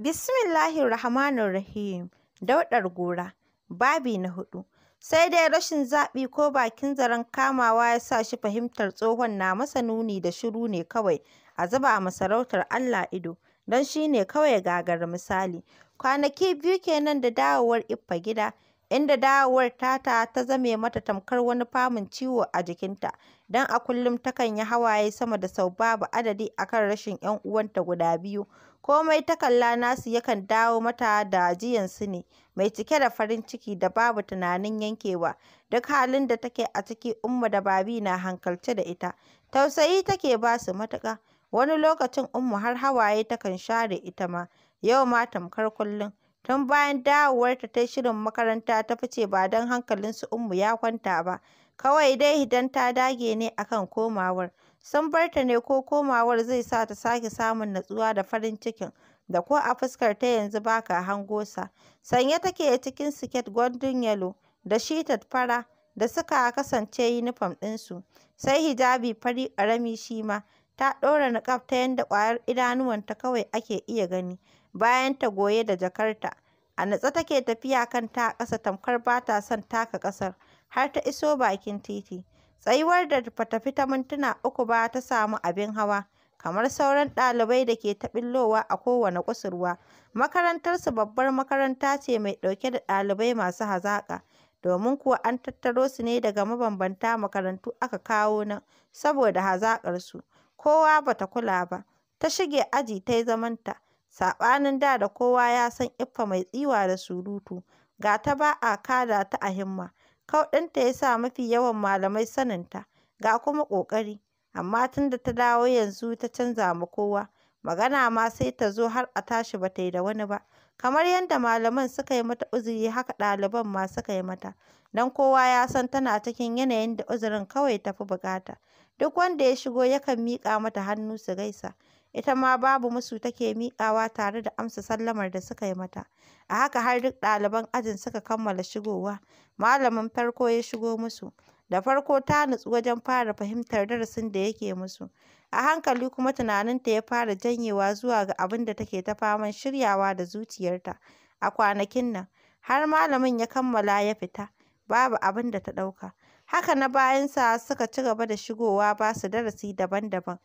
Bismillahir Rahmanir Rahim. Dauɗar gora. Babi na hudu. Sai dai rashin zaɓi ko bakin zaren kamawa ya sa shi fahimtar tsohon na masa nuni da shiru ne kawai a zuba ma sarautar Allah ido, don shi ne kawai gagar misali. Kwanaki biyu kenan da dawowar Iffa gida, inda dawowar tata ta zame mata tamkar wani famin ciwo a jikinta, don a kullum takan yi hawaye sama da sau babu adadi akan rashin 'yan uwanta guda biyu. komai ta kalla nasu yakan dawo mata da ajiyansu ne mai cike da farin ciki da babu tunanin yankewa, duk halin da take a ciki Umma da Babi na hankalce da ita, tausayi take ba su matuƙa, wani lokacin Umma har hawaye takan share ita ma, yau ma tamkar kullum. Tun bayan dawowarta ta yi shirin makaranta ta fice ba don hankalinsu Ummu ya kwanta ba, kawai dai idan ta dage ne akan komawar. Sun bar ta ne ko komawar zai sa ta sake samun natsuwa da farin cikin da ko a fuskar ta yanzu ba ka hango sa. Sanye take cikin siket gwandun yalo da shitat fara da suka kasance yunifom ɗinsu, sai hijabi fari ƙarami shi ma. Ta ɗora niƙaf ta yanda ƙwayar idanuwanta kawai ake iya gani, bayan ta goye da jakarta. A natsa take tafiya kan ta ƙasa tamkar ba ta son taka ƙasar, har ta iso bakin titi. Tsayuwar da ba ta fi ta mintuna uku ba ta samu abin hawa, kamar sauran ɗalibai da ke ta ɓullowa a kowane kusurwa, makarantarsu babbar makaranta ce mai ɗauke da ɗalibai masu hazaƙa, domin kuwa an tattaro su ne daga mabambanta makarantu aka kawo nan saboda su, kowa ba ta kula ba, ta shige aji ta yi zamanta, saɓanin da da kowa ya san Iffa mai tsiwa da surutu, ga ta ba a kada ta a himma. Kauɗanta ya sa mafi yawan malamai saninta, ga kuma ƙoƙari, amma tun da ta dawo yanzu ta canza ma kowa, magana ma sai ta zo har a tashi ba ta yi da wani ba, kamar yadda malaman suka yi mata uzuri haka ɗaliban ma suka yi mata, don kowa ya san tana cikin yanayin da uzurin kawai ta fi buƙata, duk wanda ya shigo yakan miƙa mata hannu su gaisa. ita ma babu musu take miƙawa tare da amsa sallamar da suka yi mata. A haka har duk ɗaliban ajin suka kammala shigowa. Malamin farko ya shigo musu. Da farko ta nutsu wajen fara fahimtar darasin da yake musu. A hankali kuma tunaninta ya fara janyewa zuwa ga abin da take ta faman shiryawa da zuciyarta a kwanakin nan. Har malamin ya kammala ya fita, babu abin da ta ɗauka. Haka na bayansa suka ci gaba da shigowa ba su darasi daban-daban.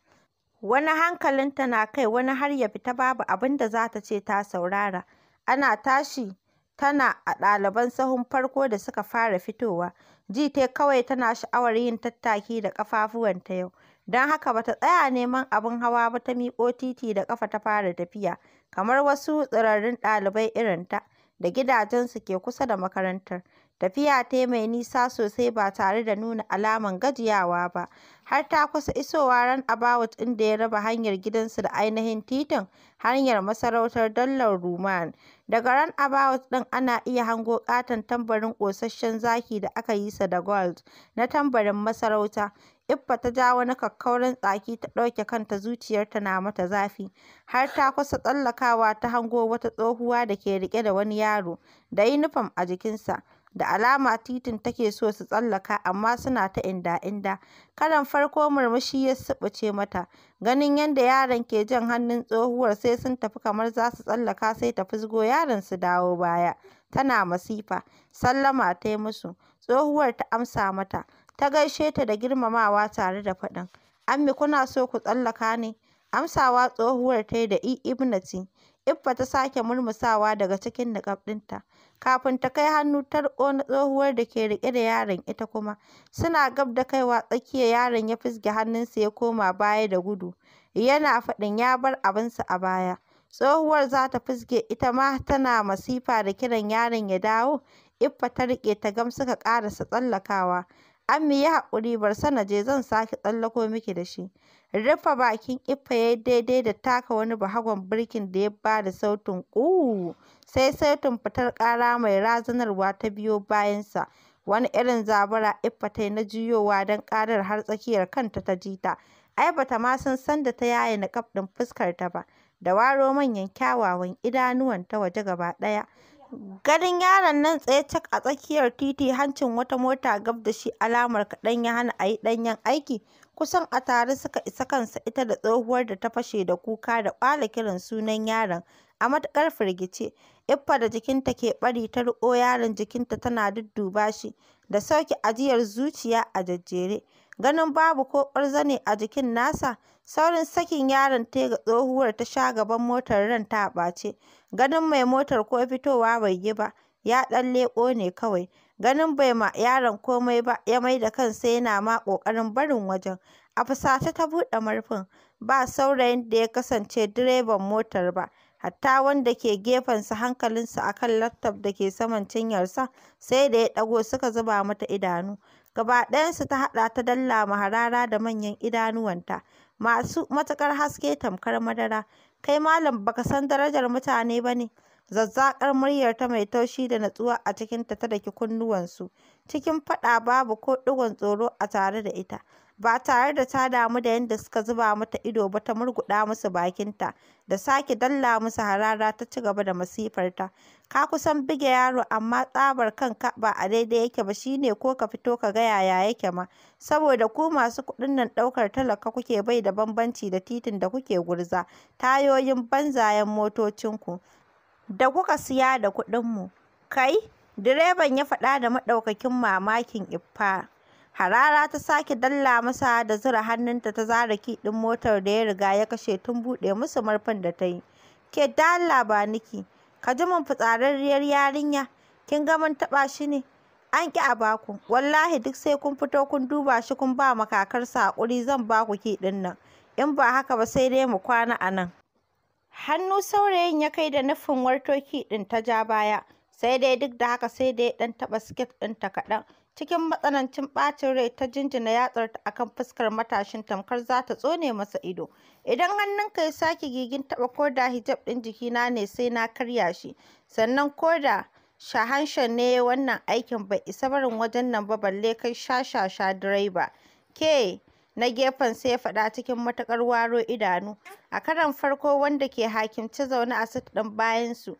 wani hankalinta na kai wani har ya fita babu abin da za ta ce ta saurara, ana tashi tana a ɗaliban sahun farko da suka fara fitowa, ji tai kawai tana sha'awar yin tattaki da ƙafafuwanta yau, don haka ba ta tsaya neman abin hawa ba ta miƙo titi da ƙafa ta fara tafiya, kamar wasu tsirarrun ɗalibai irinta da gidajensu ke kusa da makarantar. Tafiya ta mai nisa sosai ba tare da nuna alaman gajiyawa ba, har ta kusa isowa ran ɗin da ya raba hanyar gidansu da ainihin titin hanyar masarautar Dollar Ruman. Daga runabout ɗin ana iya hango katon tambarin ƙosasshen zaki da aka yi sa da gold na tambarin masarauta. Iffa ta ja wani kakkauran tsaki ta ɗauke kanta zuciyarta na mata zafi, har ta kusa tsallakawa ta hango wata tsohuwa da ke riƙe da wani yaro da yunifom a jikinsa. da alama titin take so su tsallaka amma suna ta inda-inda. karan farko murmushi ya subuce mata, ganin yadda yaran ke jan hannun tsohuwar sai sun tafi kamar za su tsallaka sai ta fusgo yaron su dawo baya. Tana masifa, sallama ta yi musu, tsohuwar ta amsa mata, ta gaishe ta da girmamawa tare da faɗin, Ammi kuna so ku tsallaka ne? Amsawa tsohuwar ta yi da i Ibnati. Iffa ta sake murmusawa daga cikin niƙaf kafin ta kai hannu ta riƙo na tsohuwar da ke riƙe da yaron ita kuma, suna gab da kaiwa tsakiya yaron ya fizge hannunsa ya koma baya da gudu, yana faɗin ya bar abinsa a baya. Tsohuwar za ta fizge ita ma tana masifa da kiran yaron ya dawo, Iffa ta riƙe ta gam suka ƙarasa tsallakawa. Ammi yi haƙuri bar sa zan sake tsallako miki da shi. Rufe bakin Iffa ya yi daidai da taka wani bahagon birkin da ya ba da sautin "uh" sai sautin fitar ƙara mai razanarwa ta biyo bayansa, wani irin zaburar Iffa ta yi na juyowa don ƙarar har tsakiyar kanta ta ji ta, ai ba ta ma san sanda ta yaye niƙaf ɗin fuskarta ba, da waro manyan kyawawan idanuwanta waje gaba ɗaya. Ganin yaron nan tsaye cak a tsakiyar titi hancin wata mota gab da shi alamar kaɗan ya hana a yi ɗanyen aiki. kusan a tare suka isa kansa ita da tsohuwar da ta fashe da kuka da ƙwala kiran sunan yaron a matuƙar firgice iffa da jikinta ke ɓari ta riƙo yaron jikinta tana dudduba shi da sauke ajiyar zuciya a jajjere ganin babu ko ƙwarzane a jikin nasa saurin sakin yaron ta ga tsohuwar ta sha gaban motar ran ta ɓace ganin mai motar ko fitowa bai yi ba ya ɗan leƙo ne kawai Ganin bai ma yaron komai ba ya mai da kansa yana ma ƙoƙarin barin wajen. A fusace ta buɗe murfin, ba saurayin da ya kasance direban motar ba, hatta wanda ke gefensa hankalinsa a kan laftof da ke saman cinyarsa sai da ya ɗago suka zuba mata idanu. Gaba ɗayansu ta haɗa ta dallama harara da manyan idanuwanta, masu matuƙar haske tamkar madara. Kai malam baka san darajar mutane ba ne? Zazzaƙar muryarta mai taushi da natsuwa a cikin ta daki kunnuwansu, cikin faɗa babu ko ɗigon tsoro a tare da ita. Ba tare da ta damu da yadda suka zuba mata ido ba ta murguɗa musu bakinta, da sake dalla musu harara ta ci gaba da masifar ta Ka kusan buge yaro amma tsabar kanka ba a daidai yake ba shine ko ka fito ka ga yaya yake ma, saboda ku masu kuɗin nan ɗaukar talaka kuke bai da bambanci da titin da kuke gurza, tayoyin banzayen motocinku. da kuka siya da kuɗinmu. Kai, direban ya faɗa da maɗaukakin mamakin iffa. Harara ta sake dalla masa da zura hannunta ta zara kiɗin motar da ya riga ya kashe tun buɗe musu murfin da ta yi. Ke dalla ba niki, ka ji min fitsararriyar yarinya, kin ga mun taɓa shi ne. An ƙi a baku, wallahi duk sai kun fito kun duba shi kun ba makakarsa haƙuri zan baku ku kiɗin nan. In ba haka ba sai dai mu kwana a nan. hannu saurayin ya kai da nufin wartoki ɗin ta ja baya sai dai duk da haka sai dai ɗan taɓa siket ta kaɗan cikin matsanancin ɓacin rai ta jinjina yatsar ta akan fuskar matashin tamkar za ta tsone masa ido idan hannunka ya sake gigin taɓa ko da hijab ɗin jikina ne sai na karya shi sannan ko da shahanshan ne wannan aikin bai isa barin wajen nan ba balle kai shashasha direba ke na gefen sai ya faɗa cikin matuƙar waro idanu a karon farko wanda ke hakimci zaune a sit ɗin bayansu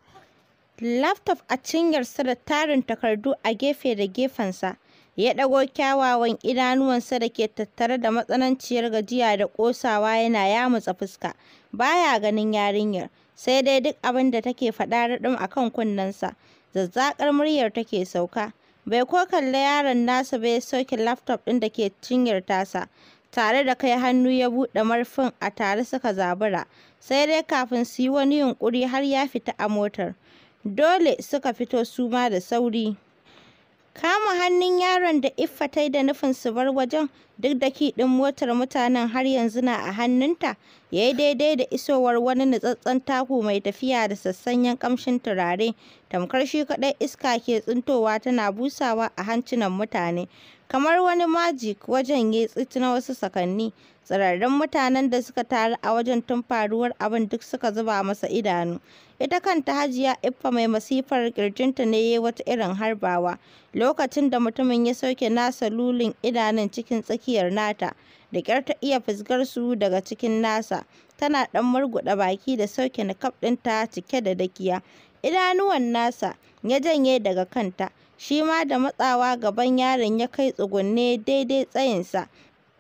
laptop a cinyarsa da tarin takardu a gefe da gefensa ya ɗago kyawawan idanuwansa da ke tattare da matsananciyar gajiya da ƙosawa yana yamutsa fuska baya ganin yarinyar sai dai duk abin da take faɗa raɗin a kan kunnensa zazzaƙar muryar take sauka bai ko kalla yaron nasa bai soke laptop ɗin da ke cinyar tasa tare da kai hannu ya buɗe marfin a tare suka zabura sai dai kafin su yi wani yunƙuri har ya fita a motar dole suka fito su ma da sauri kama hannun yaron da iffatai da nufin su bar wajen duk da kiɗin motar mutanen har yanzu na a hannunta ya yi daidai da isowar wani nutsatsen taku mai tafiya da sassanyen ƙamshin turare tamkar shi kaɗai iska ke tsintowa tana busawa a hancinan mutane Kamar wani majik, wajen ya yi tsit na wasu sakanni, tsirarren mutanen da suka taru a wajen tun faruwar abin duk suka zuba masa idanu. Ita kanta Hajiya Iffa mai masifar ƙirjinta ne ya wata irin harbawa, lokacin da mutumin ya sauke nasa lulin idanun cikin tsakiyar nata, da ƙyar ta iya fizgar su daga cikin nasa, tana ɗan murguɗa baki da sauke na ɗinta cike da dakiya. Idanuwan nasa ya janye daga kanta. shi ma da matsawa gaban yaron ya kai tsugunne daidai tsayinsa,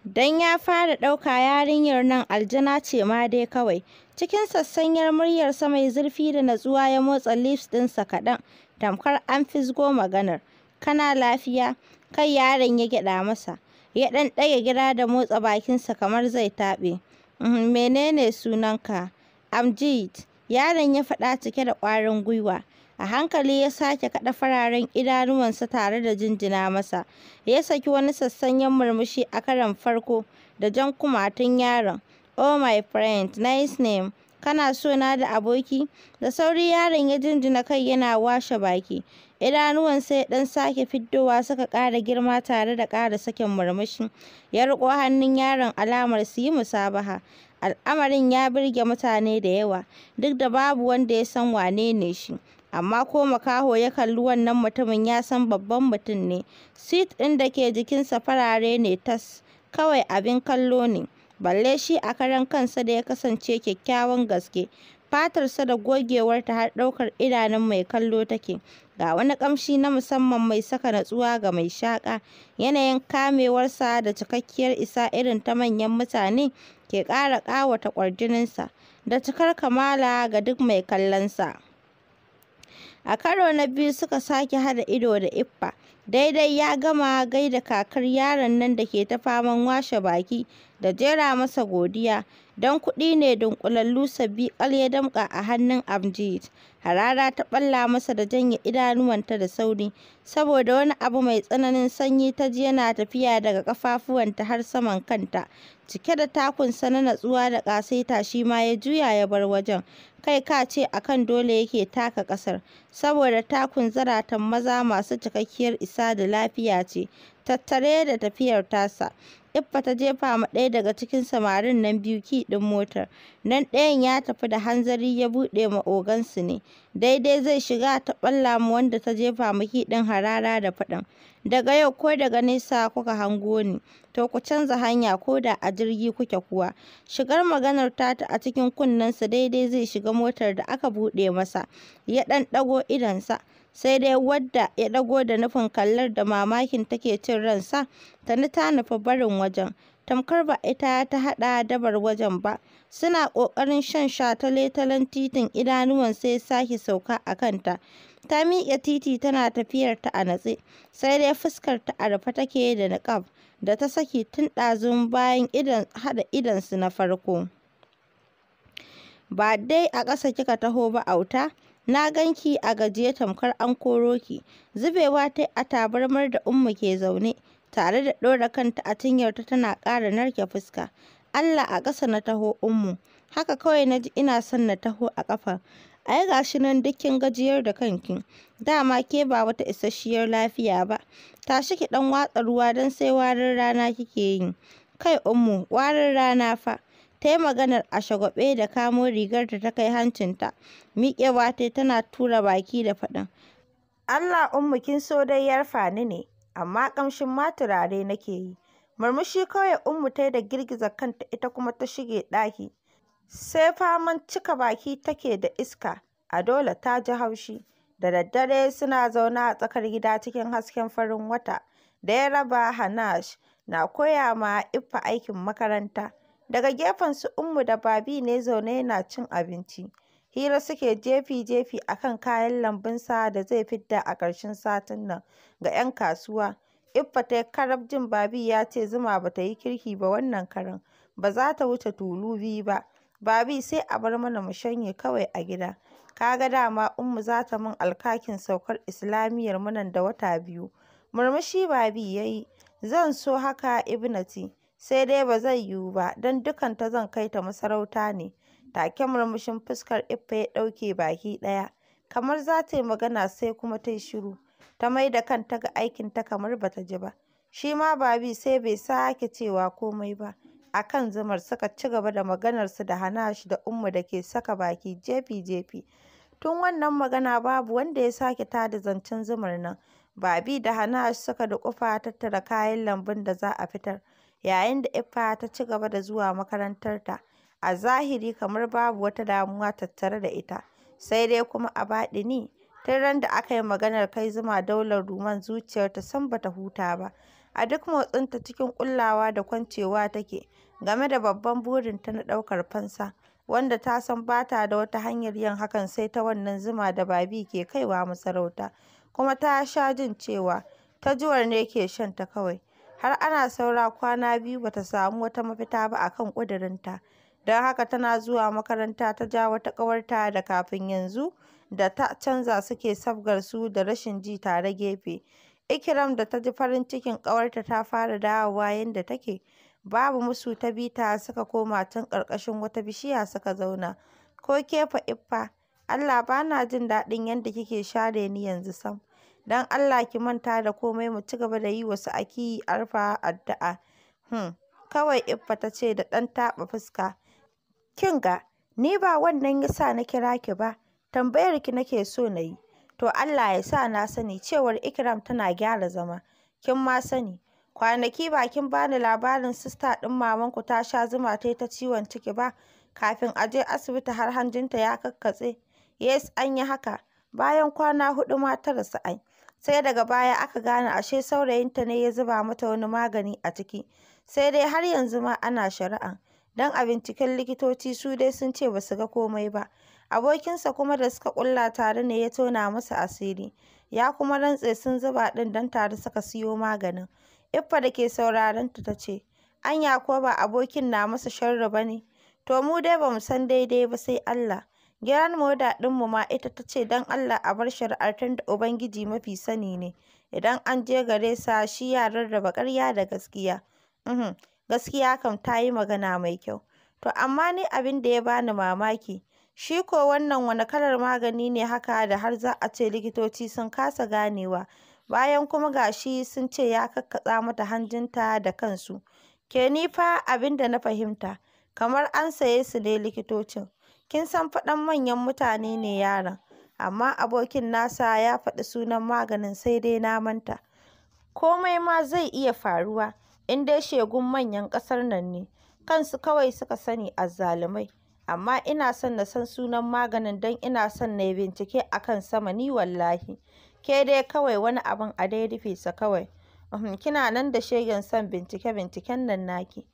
don ya fara ɗauka yarinyar nan aljana ce ma dai kawai. Cikin sassanyar muryarsa mai zurfi da natsuwa ya motsa lips ɗinsa kaɗan, tamkar an fisgo maganar. Kana lafiya? Kai yaron ya gyaɗa masa. Ya ɗan ɗaga gira da motsa bakinsa kamar zai taɓe. Uhm, menene sunanka? Amjid. Yaron ya faɗa cike da ƙwarin gwiwa. A hankali ya sake kaɗa fararen idanuwansa tare da jinjina masa. Ya saki wani sassanyen murmushi a karon farko da jan kumatun yaron. Oh my friend, nice name. Kana so da aboki? Da sauri yaron ya jinjina kai yana washe baki. Idanuwansa ya ɗan sake fiddowa suka ƙara girma tare da ƙara sakin murmushi. Ya riƙo hannun yaron alamar su yi musabaha. Al'amarin ya birge mutane da yawa, duk da babu wanda ya san wane ne shi. amma ko makaho ya kalli wannan mutumin ya san babban mutum ne sit ɗin da ke jikinsa farare ne tas kawai abin kallo ne balle shi a karan kansa da ya kasance kyakkyawan gaske fatarsa da gogewarta har ɗaukar idanun mai kallo take ga wani ƙamshi na musamman mai saka natsuwa ga mai shaƙa yanayin kamewarsa da cikakkiyar isa irin ta manyan mutane ke ƙara ƙawata ƙwarjininsa da cikar kamala ga duk mai kallonsa A karo na biyu suka sake hada ido da Iffa, daidai ya gama gaida kakar yaron nan da ke ta faman washe baki da jera masa godiya. don kuɗi ne dunkulallu sabbi ƙal ya damƙa a hannun Amjad. Harara ta ɓalla masa da janye idanuwanta da sauri, saboda wani abu mai tsananin sanyi ta ji yana tafiya daga ƙafafuwanta har saman kanta. Cike da takunsa na natsuwa da ƙasaita shi ma ya juya ya bar wajen, kai ka ce a kan dole yake taka ƙasar, saboda takun zaratan maza masu cikakkiyar isa da lafiya ce, tattare da tafiyar tasa. Iffa ta jefa ma ɗaya daga cikin samarin nan biyu ki ɗin motar, nan ɗayan ya tafi da hanzari ya buɗe ma ogansu ne, daidai zai shiga ta ɓalla ma wanda ta jefa ma ki ɗin harara da faɗin, daga yau ko daga nesa kuka hango ni, to ku canza hanya ko da a jirgi kuke kuwa. Shigar maganar tata a cikin kunnensa daidai zai shiga motar da aka buɗe masa, ya ɗan ɗago idonsa. sai dai wadda ya ɗago da nufin kallar da mamakin take cin ransa tani ta nufi barin wajen tamkar ba ita ta haɗa dabar wajen ba suna ƙoƙarin shan shataletalen titin idanuwan sai sake sauka a kanta ta miƙe titi tana tafiyar ta a natse sai dai fuskar ta a rufe take da niƙab da ta saki tun ɗazun bayan haɗa idonsu na farko ba dai a ƙasa kika taho ba auta na gan ganki a gajiye tamkar an koro ki zubewa ta a tabarmar da ummu ke zaune tare da ɗora kanta a cinyarta tana ƙara narke fuska Allah a ƙasa na taho ummu haka kawai na ji ina son na taho a ƙafa ai ga shi nan duk kin gajiyar da kanki dama ke ba wata isasshiyar lafiya ba tashi ki ɗan watsa ruwa don sai warin rana kike yi kai ummu warin rana fa ta yi maganar a shagwaɓe da kamo rigarta ta kai hancinta, miƙewa tai tana tura baki da faɗin, Allah Ummu kin so dai yarfa ni ne, amma ƙamshin ma turare nake yi. Murmushi kawai Ummu ta da girgiza kanta ita kuma ta shige ɗaki. Sai faman cika baki take da iska, a dole ta ji haushi. Da daddare suna zauna a tsakar gida cikin hasken farin wata, da ya raba Hanash na koya ma ifa aikin makaranta. Daga gefen su Ummu da Babi ne zaune yana cin abinci. Hira suke jefi-jefi a kan kayan lambunsa da zai fidda a ƙarshen satin nan ga 'yan kasuwa. Iffa ta yi jin babi ya ce zuma ba ta yi kirki ba wannan karen ba za ta wuce tulu biyu ba. Babi sai a bar mana mu shanye kawai a gida. Ka ga dama Ummu za ta min alkakin saukar Islamiyyar mu nan da wata biyu. Murmushi Babi ya yi, zan so haka Ibnati. sai dai ba zai yiwu ba don dukanta zan kai ta masarauta ne. Take murmushin fuskar Iffa ya ɗauke baki ɗaya, kamar za ta yi magana sai kuma ta yi shiru, ta mai da kanta ga aikinta kamar ba ta ji ba. Shi ma Babi sai bai sake cewa komai ba. A kan zumar suka ci gaba da maganarsu da Hanash da Ummu da ke saka baki jefi-jefi. Tun wannan magana babu wanda ya sake tada zancen zumar nan. Babi da Hanash suka da kufa tattara kayan lambun da za a fitar. yayin da Effa ta ci gaba da zuwa makarantarta, a zahiri kamar babu wata damuwa tattare da ita, sai dai kuma a baɗini, tun ran da aka yi maganar kai Zuma daular Ruman zuciyarta sam ba ta huta ba, a duk motsinta cikin ƙullawa da kwancewa take game da babban burinta na ɗaukar fansa, wanda ta san ba ta da wata hanyar yin hakan sai ta wannan Zuma da Babi ke kaiwa masarauta, kuma ta sha jin cewa, Tajuwar ne ke shan ta kawai. har ana saura kwana biyu ba ta samu wata mafita ba a kan ƙudurinta, don haka tana zuwa makaranta ta ja wata ƙawarta da kafin yanzu da ta canza suke sabgarsu da rashin ji tare gefe. Ikiram da ta ji farin cikin ƙawarta ta fara dawowa yadda take, babu musu ta bi ta suka koma tun ƙarƙashin wata bishiya suka zauna. Ko kefa fa Iffa, Allah ba na jin daɗin yadda kike share ni yanzu sam. don Allah ki manta da komai mu ci gaba da yi wa Sa'aki Arfa addu'a. Hmm, kawai Iffa ta ce da ɗan taɓa fuska. Kinga. ni ba wannan ya sa na kira ki ba, tambayar ki nake so na yi. To Allah ya sa na sani cewar Ikram tana gyara zama, kin ma sani. Kwanaki ba kin bani labarin sista ɗin mamanku ta sha zuma ta ta ciwon ciki ba, kafin a je asibiti har hanjinta ya kakkatse. Yes, an yi haka. Bayan kwana hudu ma ta rasu ai. sai daga baya aka gane ashe saurayinta ne ya zuba mata wani magani a ciki sai dai har yanzu ma ana shari'a, don a binciken likitoci su dai sun ce ba su ga komai ba abokinsa kuma da suka ƙulla tare ne ya tona masa asiri ya kuma rantse sun zuba ɗin don tare suka siyo maganin Iffa da ke sauraron ta ce, Anya ko ba abokin na masa sharri ba ne? To mu dai ba mu san daidai ba sai Allah. Gyaran moda ɗinmu ma ita ta ce don Allah a bar shari'ar tunda Ubangiji Mafi Sani ne, idan an je gare sa shi ya rarraba ƙarya da gaskiya, uhm, gaskiya kam ta yi magana mai kyau, to amma ni abin da ya bani mamaki, shi ko wannan wani kalar magani ne haka da har za a ce likitoci sun kasa ganewa, bayan kuma ga shi sun ce ya kakkatsa mata hanjinta da kansu, ke ni fa abin da na fahimta, kamar an saye su ne likitocin. Kin san faɗan manyan mutane ne yaron, amma abokin nasa ya faɗi sunan maganin sai dai na manta. Komai ma zai iya faruwa in dai shegun manyan ƙasar nan ne, kansu kawai suka sani azzalumai. Amma ina son na san sunan maganin don ina son na yi bincike a kan sama ni wallahi. Ke dai kawai wani abin a dai rufe sa kawai. Uhm, kina nan da shegen son bincike-binciken nan naki.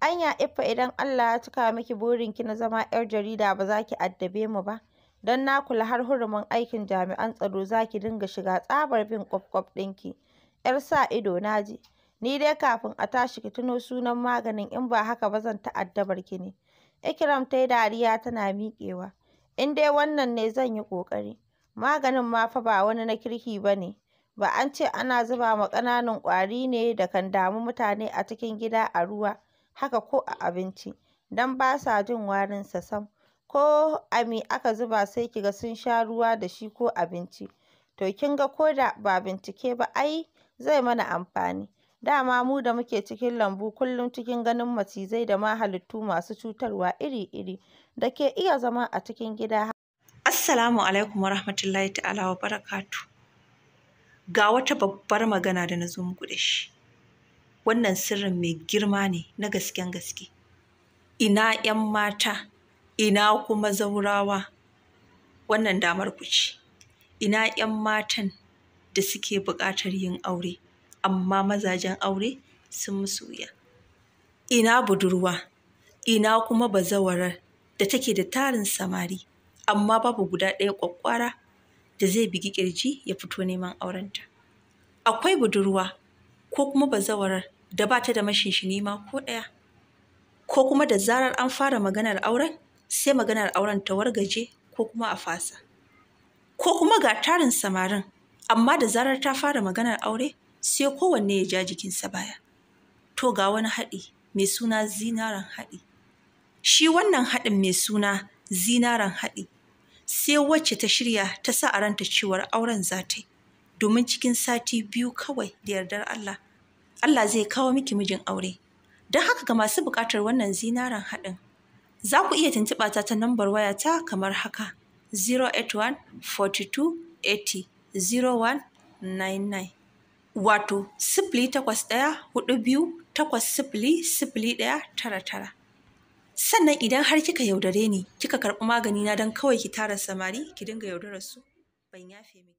Anya ifa idan Allah ya cika miki burinki na zama 'yar jarida ba za ki addabe mu ba, don na kula har hurumin aikin jami'an tsaro za ki dinga shiga tsabar bin ƙwaff ɗinki, 'yar sa ido na ji, ni dai kafin a tashi ki tuno sunan maganin in ba haka ba zan ta addabar ki ne. Ikram ta yi dariya tana miƙewa, in dai wannan ne zan yi ƙoƙari, maganin ma fa ba wani na kirki ba ne. ba an ce ana zuba ma ƙananan ƙwari ne da kan damu mutane a cikin gida a ruwa haka ko a abinci don ba sa jin warinsa sam. Ko a me aka zuba sai ki ga sun sha ruwa da shi ko abinci. To kin ga ko da ba bincike ba ai zai mana amfani. Dama mu da muke cikin lambu kullum cikin ganin macizai da ma halittu masu cutarwa iri-iri da ke iya zama a cikin gida. Assalamu alaikum warahmatullahi ta'ala barakatu. Ga wata babbar magana da na zo muku da shi. wannan sirrin mai girma ne na gasken gaske ina 'yan mata ina kuma zaurawa wannan damar ku ce ina 'yan matan da suke buƙatar yin aure amma mazajen aure sun musu wuya ina budurwa ina kuma bazawarar da take da tarin samari amma babu guda ɗaya ƙwaƙƙwara da zai bigi ƙirji ya fito neman aurenta akwai budurwa ko kuma bazawarar da ba ta da mashinshini ma ko ɗaya ko kuma da zarar an fara maganar auren sai maganar auren ta wargaje ko kuma a fasa ko kuma ga tarin samarin amma da zarar ta fara maganar aure sai kowanne ya ja jikinsa baya to ga wani haɗi mai suna zinaran haɗi shi wannan haɗin mai suna zinaran haɗi sai wacce ta shirya ta sa a ranta cewar auren za domin cikin sati biyu kawai da yardar Allah Allah zai kawo miki mijin aure. Don haka ga masu buƙatar wannan zinaren haɗin, za ku iya tuntuɓa ta ta nambar wayata kamar haka 081 42 0199 wato sifili takwas ɗaya hudu biyu takwas sifili sifili ɗaya tara tara. Sannan idan har kika yaudare ni, kika karɓi magani na don kawai ki tara samari, ki dinga yaudarar su, ban yafe miki.